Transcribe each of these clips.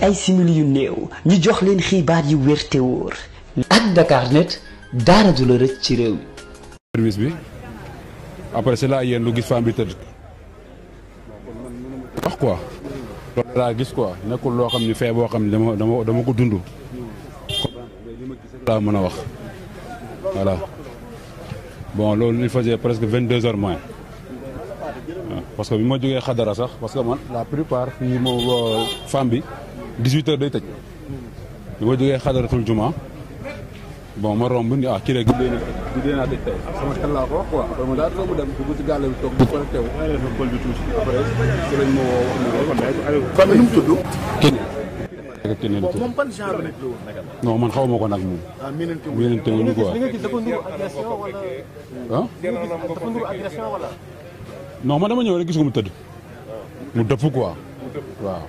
ay simili yu néew ñu jox leen xibaar yu wér te wóor. ak Dakarnet daara du la rëcc ci réew mi. service bi après cela yéen lu gis femme bi tëdd. wax quoi. loolu laa gis quoi nekkul loo xam ni fee boo xam ne dama dama dama ko dund. laa mën a wax voilà bon loolu il faisait presque vingt deux heures moins parce que bi ma jógee xadara sax parce que man la plupart fii femme bi 18 heures day tëj bi ma xadaratul juma bon ma romb ni ah kii guddee naa guddee naa tëj ko wax quoi après ma daal bu connecté wax ne la. fan nu mu tudd. kenn. moom ban genre la non man xaw ma ko nag moom. ah miinante wuñu quoi. li nga gis dafa nuru agression wala. man dama ñëw rek gis ko mu tëdd. mu dëpp quoi. waaw.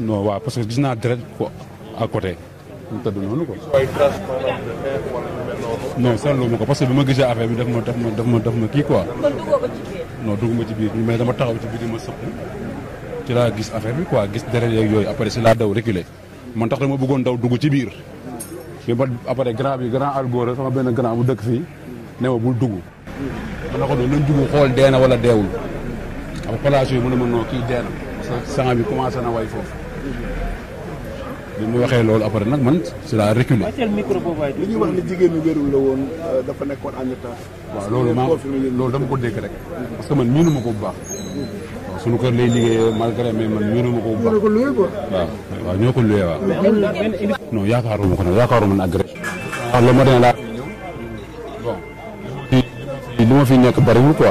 non waaw parce que gis naa deret ko à côté. mu tëdd noonu quoi. non seetlu ma ko parce que bi ma gisee affaire bi daf ma daf ma daf ma daf ma kii quoi. kon duggoo ko ci biir. non ci biir mais dama taxaw ci biir ma sëpp. ci laa gis affaire bi quoi gis deret yeeg yooyu après si laa daw reculer man tax dama bëggoon daw dugg ci biir. mais ba après grand bi grand alboore sama benn grand bu dëkk fii. ne ma bul dugg. ma ne ko xool dee na wala deewul. xam place yooyu mën a mën noo kii dee na bi commencé na way foofu. bi mu waxee loolu après nag man la reculé. li ñuy wax ni jigéen woon euh, dafa nekkoon en état. waaw loolu loolu dama ko dégg rek. parce que ma ko bu baax. waaw sunu kër lay liggéeyee ma ko ko loué quoi. waaw waaw ñoo ko loué waaw. non yaakaaruma ko nag yaakaaruma ne agression. laa. bon ma fi nekk bariwul quoi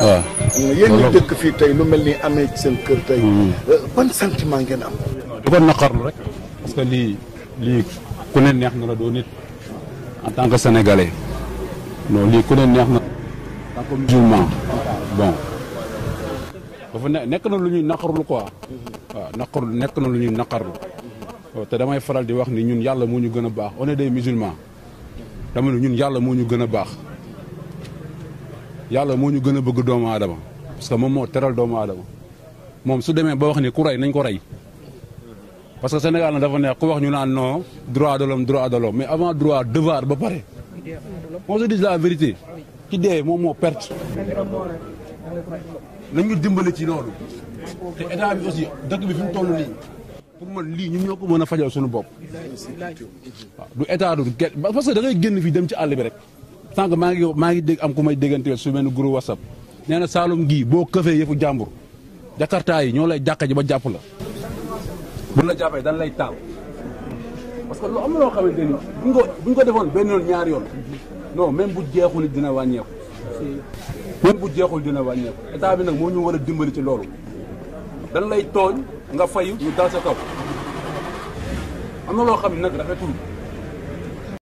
waaw. yéen ñu dëkk fii tey lu mel ni amee ci seen kër tey. Hmm. Euh, ban sentiment ngeen am. di ko naqarlu rek parce que lii lii ku ne neex na la doo nit en tant que sénégalais non lii ku ne neex na. en tant que musulman bon. dafa ne nekk na lu ñuy naqarlu quoi. waaw nekk na lu ñuy naqarlu. Oh, te damay faral di wax ni ñun yàlla moo ñu gën a baax on est des musulmans dama ne ñun yàlla moo ñu gën a baax. yàlla moo ñu gën a bëgg doomu adama parce moom moo teral doomu aadama moom su demee ba wax ni ku rey nañ ko rey parce que Sénégal na dafa neex ko wax ñu naan noo droit de l'homme droit de mais avant droit devoir ba pare on se dit la vérité ki dee moom moo perte nañu dimbali ci loolu te état bi aussi dëkk bi fi mu toll nii pour man lii ñun ñoo ko mën a fajal suñu bopp waaw du état du parce que da génn fii dem ci àll bi rek sànq maa ngi maa ngi dégg am ku may dégganteel su mel ni groupe whatsapp nee na Saalum gii boo këfee yëfu jàmbur jakarta yi ñoo lay jàkka ba jàpp la bu la jàppee dañ lay taal parce que lu am loo xamante ni buñ ko buñ ko defoon benn ñaari yoon non même bu jeexul dina wàññeeku même bu jeexul dina wàññeeku état bi nag moo ñu war a dimbali ci loolu dañ lay tooñ nga fayu ñu dal sa am na loo xam ne nag rafetul